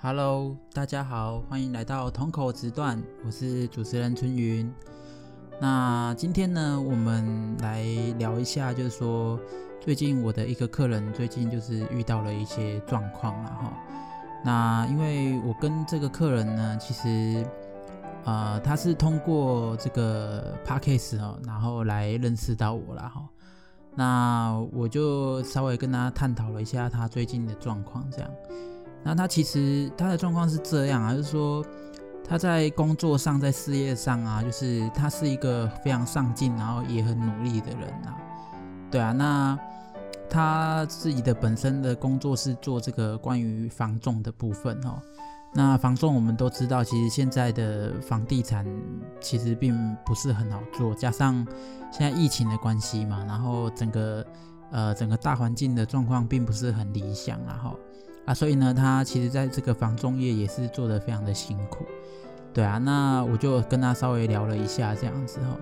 Hello，大家好，歡迎來到同口直斷，我是主持人春雲。那今天呢，我們來聊一下，就是說最近我的一個客人最近就是遇到了一些狀況，然後哈。那因為我跟這個客人呢，其實呃他是通過這個 podcast 然後來認識到我了哈。那我就稍微跟他探討了一下他最近的狀況，這樣。那他其實他的狀況是這樣啊，就是說他在工作上，在事業上啊，就是他是一個非常上進，然後也很努力的人啊。對啊，那他自己的本身的工作是做這個關於房仲的部分哦。那房仲我們都知道，其實現在的房地產其實並不是很好做，加上現在疫情的關係嘛，然後整個呃整個大環境的狀況並不是很理想啊。後。啊，所以呢，他其實在這個房仲業也是做得非常的辛苦，對啊，那我就跟他稍微聊了一下這樣子哦，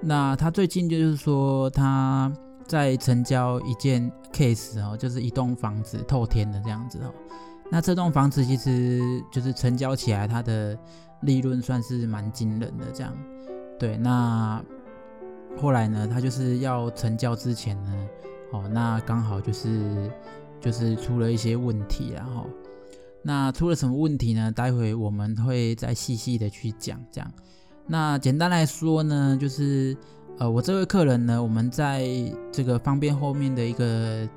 那他最近就是說他在成交一件 case 哦，就是一棟房子透天的這樣子哦，那這棟房子其實就是成交起來它的利潤算是蠻驚人的這樣，對，那後來呢，他就是要成交之前呢，哦，那剛好就是。就是出了一些問題，然後那出了什麼問題呢？待會我們會再細細的去講，這樣，那簡單來說呢，就是呃，我這位客人呢，我們在這個方便後面的一個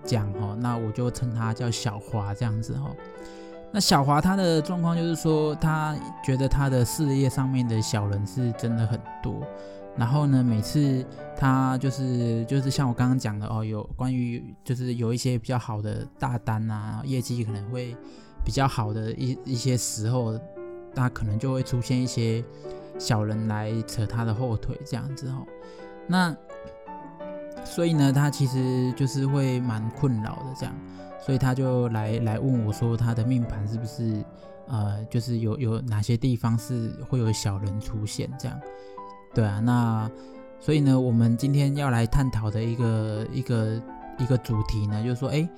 講吼，那我就稱他叫小華這樣子吼。那小華他的狀況就是說，他覺得他的事業上面的小人是真的很多。然後呢，每次他就是就是像我剛剛講的哦，有關於就是有一些比較好的大單啊，業績可能會比較好的一一些時候，他可能就會出現一些小人來扯他的後腿，這樣子哦，那所以呢，他其實就是會蠻困擾的這樣，所以他就來來問我，說他的命盤是不是呃，就是有有哪些地方是會有小人出現這樣。對啊，那所以呢，我們今天要來探討的一個一個一個主題呢，就是說，哎，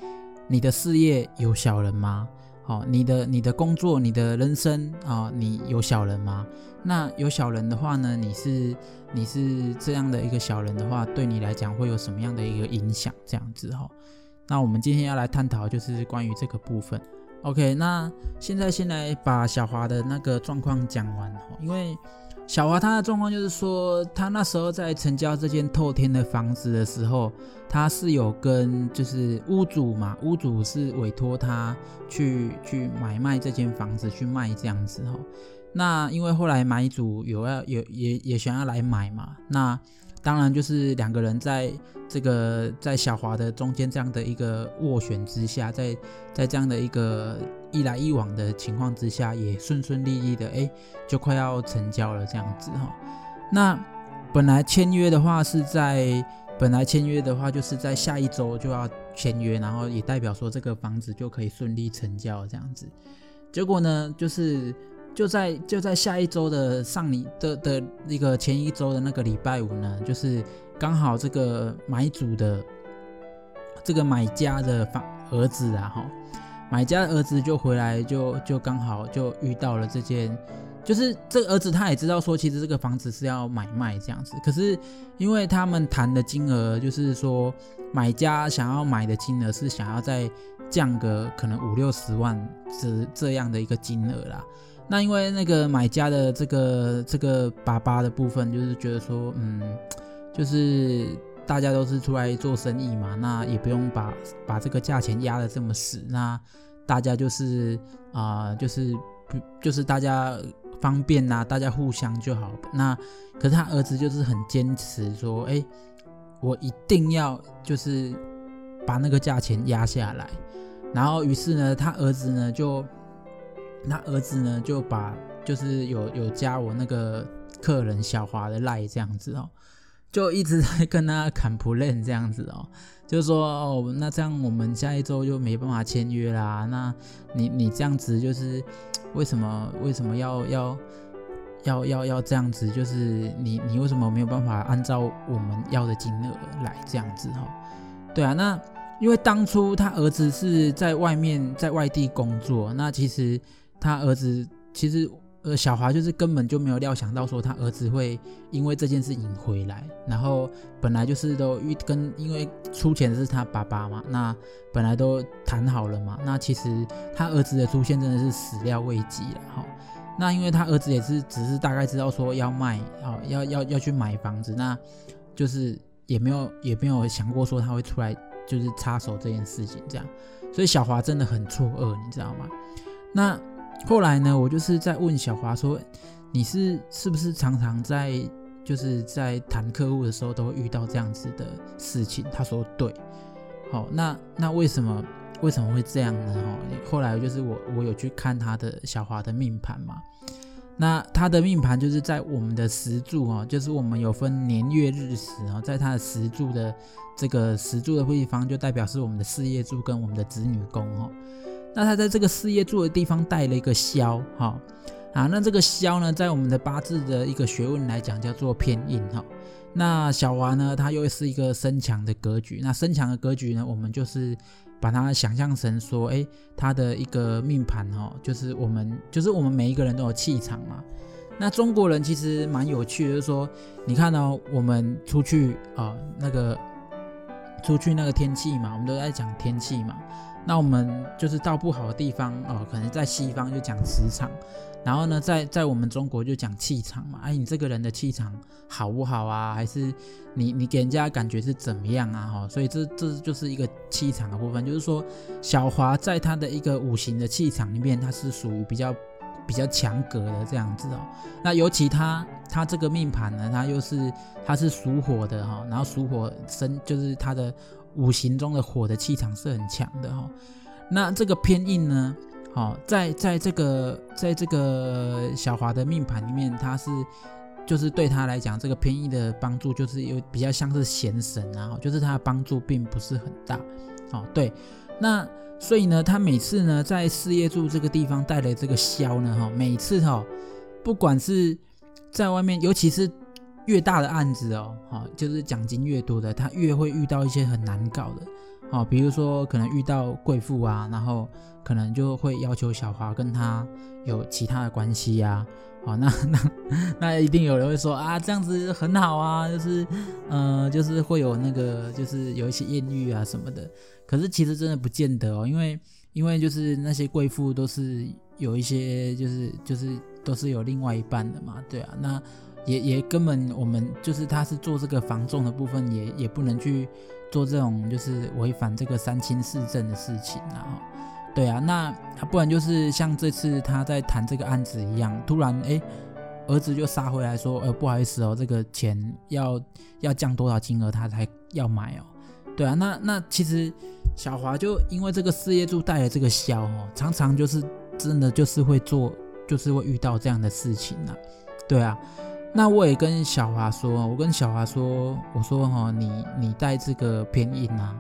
你的事業有小人嗎？哦，你的你的工作，你的人生啊，哦，你有小人嗎？那有小人的話呢，你是你是這樣的一個小人的話，對你來講會有什麼樣的一個影響？這樣子哈，哦，那我們今天要來探討就是關於這個部分。OK，那現在先來把小華的那個狀況講完，因為。小華他的狀況就是說，他那時候在成交這間透天的房子的時候，他是有跟就是屋主嘛，屋主是委託他去去買賣這間房子去賣這樣子吼。那因為後來買主有要有也也想要來買嘛，那。當然，就是兩個人在這個在小華的中間這樣的一個斡旋之下，在在這樣的一個一來一往的情況之下，也順順利利的，哎，就快要成交了這樣子哈、哦。那本來簽約的話是在，本來簽約的話就是在下一周就要簽約，然後也代表說這個房子就可以順利成交這樣子。結果呢，就是。就在就在下一周的上禮的的那個前一周的那個禮拜五呢，就是剛好這個買主的這個買家的房兒子啊，哈，買家的兒子就回來就就剛好就遇到了這件，就是這個兒子他也知道說，其實這個房子是要買賣這樣子，可是因為他們談的金額就是說買家想要買的金額是想要再降個可能五六十萬這這樣的一個金額啦。那因為那個買家的這個這個爸爸的部分，就是覺得說，嗯，就是大家都是出來做生意嘛，那也不用把把這個價錢壓得這麼死。那大家就是啊、呃，就是就是大家方便啊，大家互相就好。那可是他兒子就是很堅持說，哎，我一定要就是把那個價錢壓下來。然後於是呢，他兒子呢就。他兒子呢，就把就是有有加我那個客人，小華的賴這樣子哦，就一直在跟他砍 plan 這樣子哦，就說哦，那這樣我們下一周就沒辦法簽約啦。那你你這樣子就是為什麼為什麼要要要要要這樣子？就是你你為什麼沒有辦法按照我們要的金額來這樣子哦？對啊，那因為當初他兒子是在外面在外地工作，那其實。他兒子其實，呃，小華就是根本就沒有料想到說，他兒子會因為這件事引回來，然後本來就是都因跟，因為出錢的是他爸爸嘛，那本來都談好了嘛，那其實他兒子的出現真的是始料未及了哈、哦。那因為他兒子也是只是大概知道說要賣，好、哦、要要要去買房子，那就是也沒有也沒有想過說他會出來就是插手這件事情這樣，所以小華真的很錯愕，你知道嗎？那。後來呢，我就是在問小華說：“你是是不是常常在就是在談客戶的時候都會遇到這樣子的事情？”他說：“對，好、哦，那那為什麼為什麼會這樣呢？後來就是我我有去看他的小華的命盤嘛，那他的命盤就是在我們的時柱，就是我們有分年月日時，在他的時柱的這個時柱的地方，就代表是我們的事業柱跟我們的子女宮那他在這個事業柱的地方帶了一個梟，好、哦，啊，那這個梟呢，在我們的八字的一個學問來講，叫做偏印哈、哦。那小華呢，他又是一個身強的格局。那身強的格局呢，我們就是把它想象成說，哎，他的一個命盤哦，就是我們，就是我們每一個人都有氣場嘛。那中國人其實蠻有趣的，就是說，你看哦，我們出去啊、呃，那個。出去那個天氣嘛，我們都在講天氣嘛。那我們就是到不好的地方哦、呃，可能在西方就講磁場，然後呢，在在我們中國就講氣場嘛。哎，你這個人的氣場好不好啊？還是你你給人家感覺是怎麼樣啊？哈、哦，所以這這就是一個氣場的部分，就是說小華在他的一個五行的氣場裡面，他是屬於比較。比較強格的這樣子哦，那尤其他他這個命盤呢，他又是他是屬火的哈、哦，然後屬火生就是他的五行中的火的氣場是很強的哈、哦。那這個偏印呢，好、哦、在在這個在這個小華的命盤裡面，他是就是對他來講，這個偏印的幫助就是有比較像是閒神，啊，就是他的幫助並不是很大哦。對，那。所以呢，他每次呢在事業柱這個地方帶的這個梟呢，哈，每次哈、哦，不管是在外面，尤其是越大的案子哦，哈，就是獎金越多的，他越會遇到一些很難搞的，哈，比如說可能遇到貴婦啊，然後可能就會要求小華跟他有其他的關係呀、啊。好、哦，那那那一定有人會說啊，這樣子很好啊，就是，呃，就是會有那個，就是有一些豔遇啊什麼的。可是其實真的不見得哦，因為因為就是那些貴婦都是有一些，就是就是都是有另外一半的嘛，對啊。那也也根本我們就是他是做這個防重的部分也，也也不能去做這種就是違反這個三清四正的事情，啊，然對啊，那他不然就是像這次他在談這個案子一樣，突然哎，兒子就殺回來說，呃，不好意思哦，這個錢要要降多少金額他才要買哦。對啊，那那其實小華就因為這個事業柱帶了這個梟哦，常常就是真的就是會做，就是會遇到這樣的事情啊。對啊，那我也跟小華說，我跟小華說，我說哈、哦，你你帶這個偏印啊，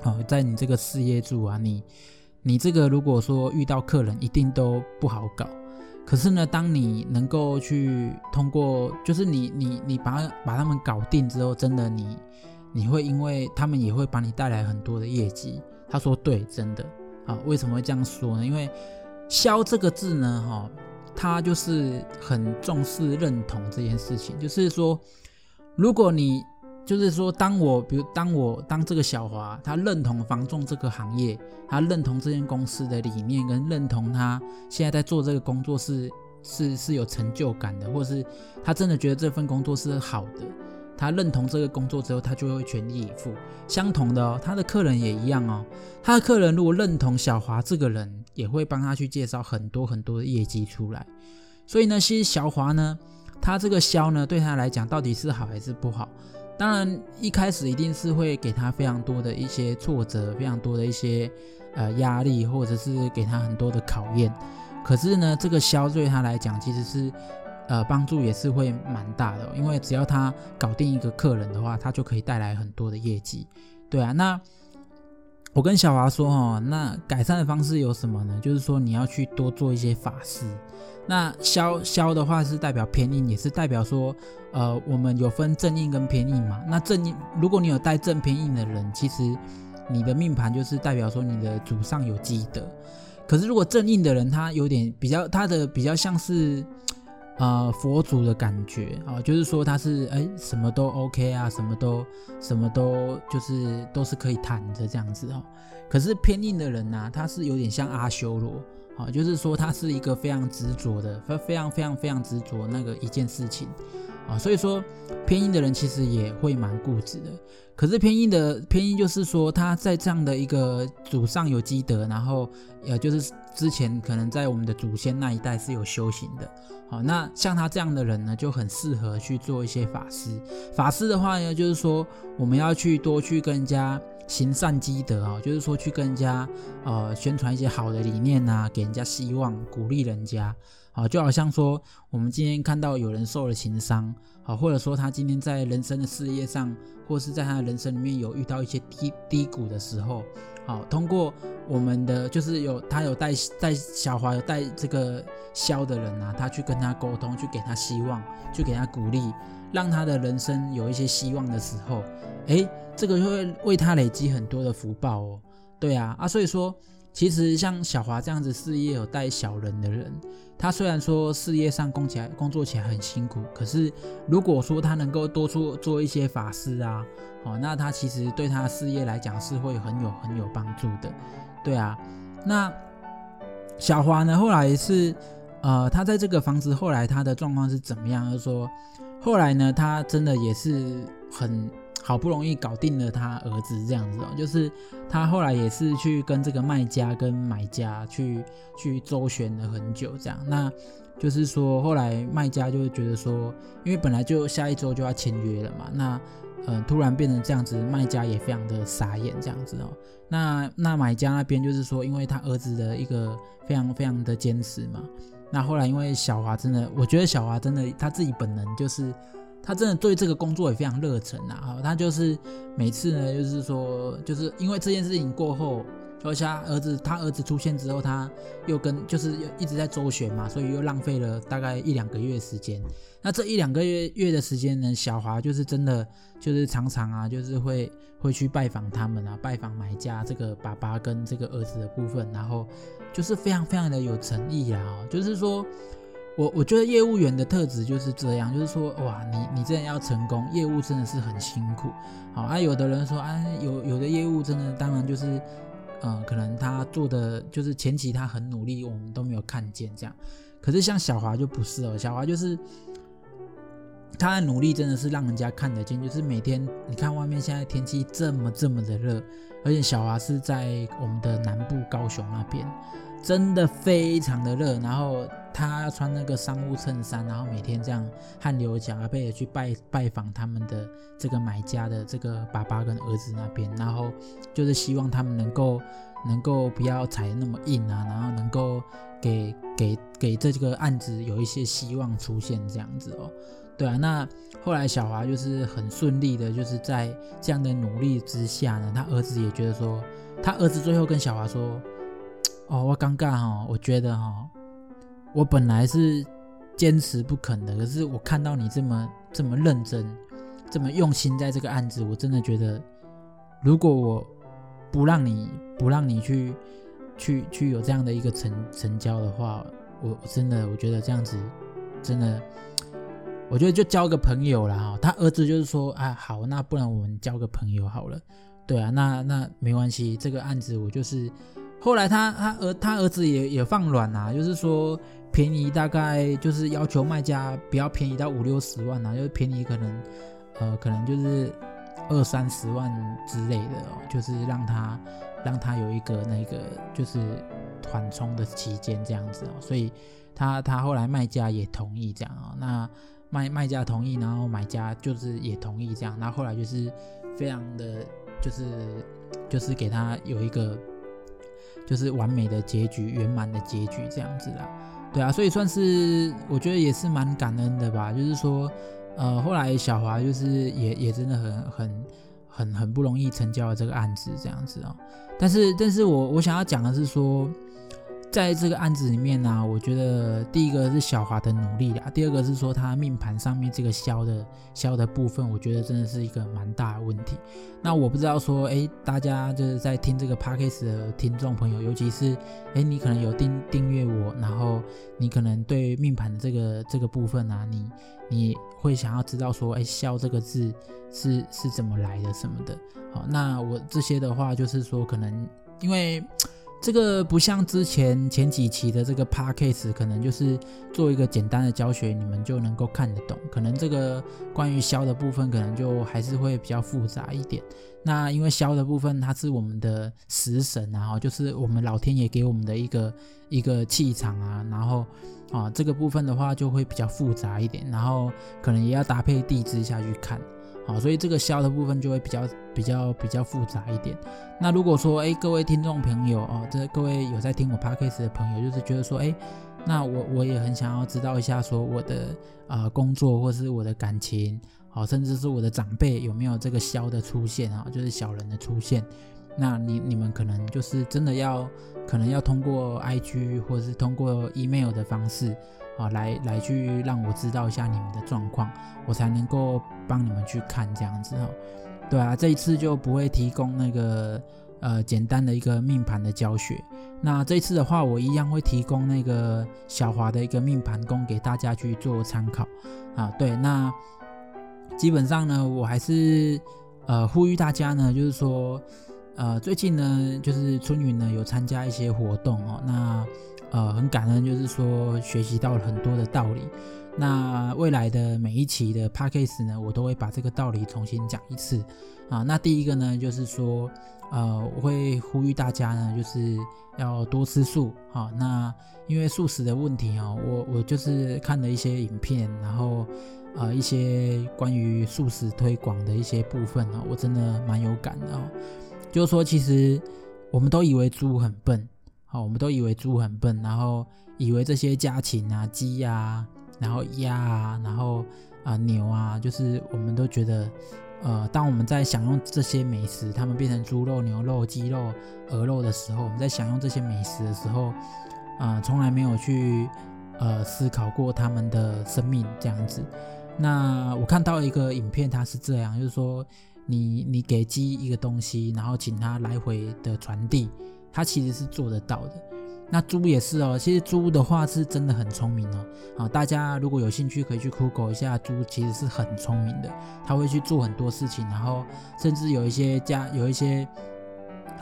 好、哦，在你這個事業柱啊，你。你這個如果說遇到客人，一定都不好搞。可是呢，當你能夠去通過，就是你你你把把他們搞定之後，真的你你會因為他們也會幫你帶來很多的業績。他說對，真的啊，為什麼會這樣說呢？因為梟這個字呢，哈，他就是很重視認同這件事情，就是說，如果你。就是說，當我比如當我當這個小華他認同房仲這個行業，他認同這間公司的理念，跟認同他現在在做這個工作是是是有成就感的，或是他真的覺得這份工作是好的，他認同這個工作之後，他就會全力以赴。相同的哦，他的客人也一樣哦。他的客人如果認同小華這個人，也會幫他去介紹很多很多的業績出來。所以呢，其實小華呢，他這個梟呢，對他來講到底是好還是不好？當然，一開始一定是會給他非常多的一些挫折，非常多的一些呃壓力，或者是給他很多的考驗。可是呢，這個梟對他來講其實是呃幫助也是會蠻大的，因為只要他搞定一個客人的話，他就可以帶來很多的業績，對啊，那。我跟小華說，哦，那改善的方式有什麼呢？就是說你要去多做一些法事。那梟梟的話是代表偏印，也是代表說，呃，我們有分正印跟偏印嘛。那正印，如果你有帶正偏印的人，其實你的命盤就是代表說你的祖上有積德。可是如果正印的人，他有點比較，他的比較像是。啊、呃，佛祖的感覺啊，就是說他是哎、欸，什麼都 OK 啊，什麼都什麼都就是都是可以談的這樣子哦、啊。可是偏印的人呢、啊，他是有點像阿修羅啊，就是說他是一個非常執着的，非非常非常非常執着那個一件事情。啊，所以說偏印的人其實也會蠻固執的。可是偏印的偏印就是說他在這樣的一個祖上有積德，然後呃就是之前可能在我們的祖先那一代是有修行的。好，那像他這樣的人呢，就很適合去做一些法師。法師的話呢，就是說我們要去多去跟人家行善積德啊、哦，就是說去跟人家呃宣傳一些好的理念啊，給人家希望，鼓勵人家。啊，就好像說，我們今天看到有人受了情傷，好，或者說他今天在人生的事業上，或是在他人生裡面有遇到一些低低谷的時候，好，通過我們的就是有他有帶帶小孩有帶這個梟的人啊，他去跟他溝通，去給他希望，去給他鼓勵，讓他的人生有一些希望的時候，哎，這個會為他累積很多的福報哦。對啊，啊，所以說。其實像小華這樣子，事業有帶小人的人，他雖然說事業上工起來工作起來很辛苦，可是如果說他能夠多做一些法事啊，哦，那他其實對他的事業來講是會很有很有幫助的，對啊。那小華呢，後來是，呃，他在這個房子後來他的狀況是怎麼樣？就是說，後來呢，他真的也是很。好不容易搞定了他兒子這樣子哦，就是他後來也是去跟這個賣家跟買家去去周旋了很久，這樣。那就是說，後來賣家就覺得說，因為本來就下一周就要簽約了嘛，那嗯、呃，突然變成這樣子，賣家也非常的傻眼這樣子哦。那那買家那邊就是說，因為他兒子的一個非常非常的堅持嘛，那後來因為小華真的，我覺得小華真的他自己本能就是。他真的對這個工作也非常熱忱啊，他就是每次呢，就是說，就是因為這件事情過後，而且他兒子，他兒子出現之後，他又跟就是又一直在周旋嘛，所以又浪費了大概一兩個月時間。那這一兩個月月的時間呢，小華就是真的就是常常啊，就是會會去拜訪他們啊，拜訪買家這個爸爸跟這個兒子的部分，然後就是非常非常的有誠意啊！就是說。我我覺得業務員的特質就是這樣，就是說哇，你你真的要成功，業務真的是很辛苦。好啊，有的人說啊，有有的業務真的，當然就是，呃，可能他做的就是前期他很努力，我們都沒有看見這樣。可是像小華就不是哦、喔，小華就是他的努力真的是讓人家看得見，就是每天你看外面現在天氣這麼這麼的熱，而且小華是在我們的南部高雄那邊。真的非常的熱，然後他穿那個商務襯衫，然後每天這樣汗流浹背的去拜拜訪他們的這個買家的這個爸爸跟兒子那邊，然後就是希望他們能夠能夠不要踩那麼硬啊，然後能夠給給給這個案子有一些希望出現這樣子哦。對啊，那後來小華就是很順利的，就是在這樣的努力之下呢，他兒子也覺得說，他兒子最後跟小華說。哦，我尷尬齁，我覺得齁，我本來是堅持不肯的，可是我看到你這麼這麼認真，這麼用心在這個案子，我真的覺得，如果我不讓你不讓你去去去有這樣的一個成成交的話，我真的我覺得這樣子真的，我覺得就交個朋友啦齁。他兒子就是說，哎、好，那不然我們交個朋友好了。對啊，那那沒關係，這個案子我就是。後來他他，他兒他兒子也也放軟吶、啊，就是說便宜大概就是要求賣家不要便宜到五六十萬啊，就是便宜可能呃可能就是二三十萬之類的哦，就是讓他讓他有一個那個就是緩衝的期間這樣子哦，所以他他後來賣家也同意這樣哦，那賣賣家同意，然後買家就是也同意這樣，然後後來就是非常的就是就是給他有一個。就是完美的結局，圓滿的結局這樣子啊，對啊，所以算是我覺得也是蠻感恩的吧。就是說，呃，後來小華就是也也真的很很很很不容易成交的這個案子這樣子哦。但是，但是我我想要講的是說。在這個案子裡面呢、啊，我覺得第一個是小華的努力，第二個是說他命盤上面這個“梟”的“梟”的部分，我覺得真的是一個蠻大的問題。那我不知道說，誒，大家就是在聽這個 podcast 的聽眾朋友，尤其是誒，你可能有訂訂閱我，然後你可能對命盤的這個這個部分啊，你你會想要知道說，誒，“梟”這個字是是怎麼來的什麼的？好，那我這些的話就是說，可能因為。這個不像之前前幾期的這個 podcast，可能就是做一個簡單的教學，你們就能夠看得懂。可能這個關於梟的部分，可能就還是會比較複雜一點。那因為梟的部分，它是我們的食神，然後就是我們老天爺給我們的一個一個氣場啊，然後啊這個部分的話就會比較複雜一點，然後可能也要搭配地支下去看。好，所以這個梟的部分就會比較比較比較複雜一點。那如果說哎，各位聽眾朋友哦，這各位有在聽我 podcast 的朋友，就是覺得說哎，那我我也很想要知道一下，說我的啊、呃、工作或是我的感情，好、哦，甚至是我的長輩有沒有這個梟的出現啊、哦，就是小人的出現。那你你們可能就是真的要，可能要通過 IG 或是通過 email 的方式。啊，來來去讓我知道一下你們的狀況，我才能夠幫你們去看這樣子哈、哦。對啊，這一次就不會提供那個呃簡單的一個命盤的教學。那這一次的話，我一樣會提供那個小華的一個命盤供給大家去做參考啊。對，那基本上呢，我還是呃呼籲大家呢，就是說呃最近呢，就是春運呢有參加一些活動哦，那。呃，很感恩，就是說學習到了很多的道理。那未來的每一期的 podcast 呢，我都會把這個道理重新講一次。啊，那第一個呢，就是說，呃，我會呼籲大家呢，就是要多吃素。好、啊，那因為素食的問題啊，我我就是看了一些影片，然後呃一些關於素食推廣的一些部分啊，我真的蠻有感的、哦。就是說，其實我們都以為豬很笨。好、哦，我們都以為豬很笨，然後以為這些家禽啊、雞啊，然後鴨啊，然後啊、呃、牛啊，就是我們都覺得，呃，當我們在享用這些美食，它們變成豬肉、牛肉、雞肉、鵝肉的時候，我們在享用這些美食的時候，啊、呃，從來沒有去呃思考過它們的生命這樣子。那我看到一個影片，它是這樣，就是說你你給雞一個東西，然後請它來回的傳遞。他其實是做得到的，那豬也是哦。其實豬的話是真的很聰明哦。啊，大家如果有興趣，可以去 Google 一下。豬其實是很聰明的，他會去做很多事情。然後甚至有一些家，有一些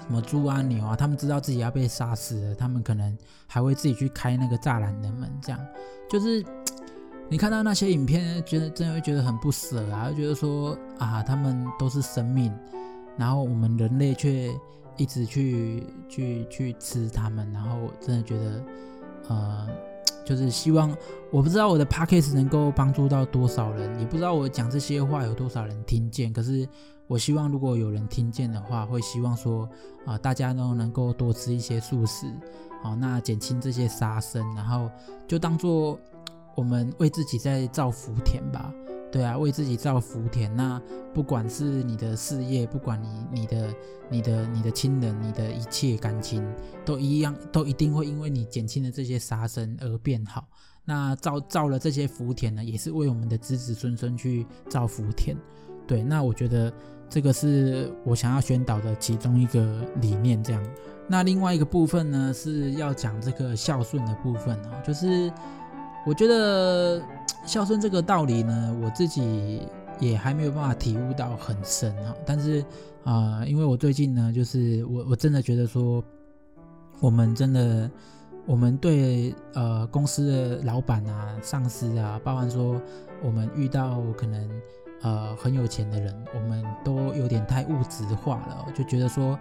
什麼豬啊，牛啊，他們知道自己要被殺死了，他們可能還會自己去開那個柵欄的門。這樣就是你看到那些影片，覺得真的會覺得很不捨啊，覺得說啊，他們都是生命，然後我們人類卻。一直去去去吃他們，然後我真的覺得，呃，就是希望，我不知道我的 podcast 能夠幫助到多少人，也不知道我講這些話有多少人聽見。可是我希望，如果有人聽見的話，會希望說，啊、呃，大家都能夠多吃一些素食，好、呃，那減輕這些殺生，然後就當做我們為自己在造福田吧。對啊，為自己造福田，那不管是你的事業，不管你、你的、你的、你的親人，你的一切感情，都一樣，都一定會因為你減輕了這些殺生而變好。那造造了這些福田呢，也是為我們的子子孫孫去造福田。對，那我覺得這個是我想要宣導的其中一個理念。這樣，那另外一個部分呢，是要講這個孝順的部分哦，就是我覺得。孝順這個道理呢，我自己也還沒有辦法體悟到很深啊。但是啊、呃，因為我最近呢，就是我我真的覺得說，我們真的，我們對呃公司的老闆啊、上司啊，包括說我們遇到可能呃很有錢的人，我們都有點太物質化了，我就覺得說，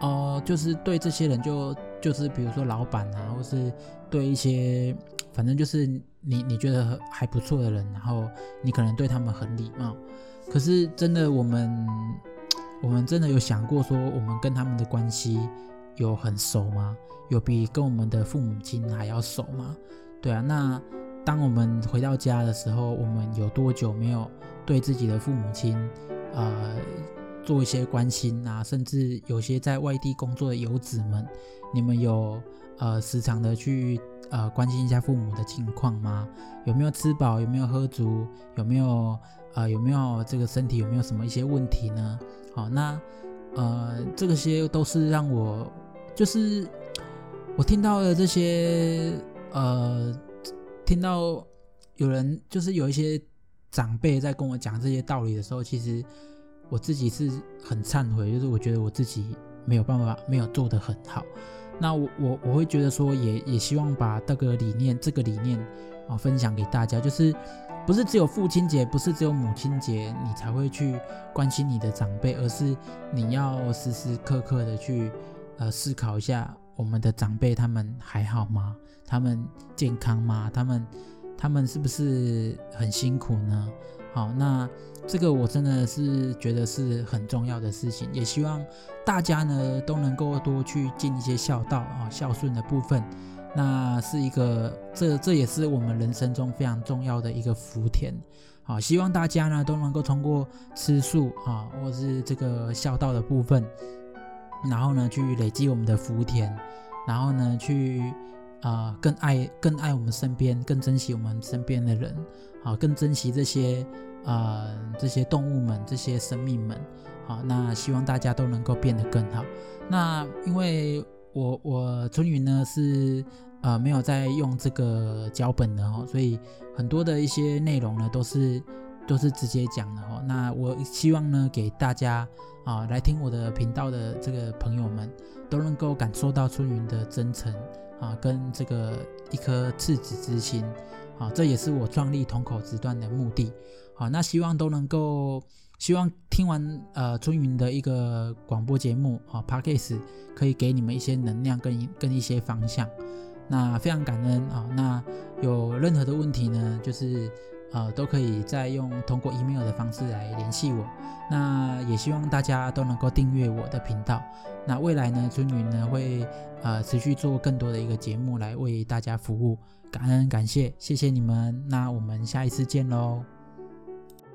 哦、呃，就是對這些人就就是比如說老闆啊，或是對一些。反正就是你，你覺得還不錯的人，然後你可能對他們很禮貌，可是真的，我們，我們真的有想過說，我們跟他們的關係有很熟嗎？有比跟我們的父母親還要熟嗎？對啊，那當我們回到家的時候，我們有多久沒有對自己的父母親，呃，做一些關心啊？甚至有些在外地工作的游子們，你們有，呃，時常的去，呃，關心一下父母的近況嗎？有沒有吃飽？有沒有喝足？有沒有啊，呃？有沒有這個身體有沒有什麼一些問題呢？好，那呃，這個些都是讓我就是我聽到了這些呃，聽到有人就是有一些長輩在跟我講這些道理的時候，其實我自己是很懺悔，就是我覺得我自己沒有辦法，沒有做得很好。那我我我會覺得說也，也也希望把這個理念，這個理念啊，分享給大家。就是，不是只有父親節，不是只有母親節，你才會去關心你的長輩，而是你要時時刻刻的去呃思考一下，我們的長輩他們還好嗎？他們健康嗎？他們他們是不是很辛苦呢？好，那這個我真的是覺得是很重要的事情，也希望大家呢都能夠多去盡一些孝道啊，孝順的部分，那是一個，這這也是我們人生中非常重要的一個福田。好，希望大家呢都能夠通過吃素啊，或是這個孝道的部分，然後呢去累積我們的福田，然後呢去。啊、呃，更愛更愛我們身邊，更珍惜我們身邊的人，好、啊，更珍惜這些啊、呃、這些動物們，這些生命們，好、啊，那希望大家都能夠變得更好。那因為我我春雲呢是啊、呃，沒有在用這個腳本的、哦、所以很多的一些內容呢都是都是直接講的哈、哦。那我希望呢，給大家啊來聽我的頻道的這個朋友們都能夠感受到春雲的真誠。啊，跟這個一顆赤子之心，啊，這也是我創立同口直斷的目的，啊，那希望都能夠，希望聽完呃春雲的一個廣播節目啊，Podcast 可以給你們一些能量跟跟一些方向，那非常感恩啊，那有任何的問題呢，就是。呃，都可以再用通過 email 的方式來聯繫我。那也希望大家都能夠訂閱我的頻道。那未來呢，春雨呢會呃持續做更多的一個節目來為大家服務。感恩，感謝，謝謝你們。那我們下一次見嘍。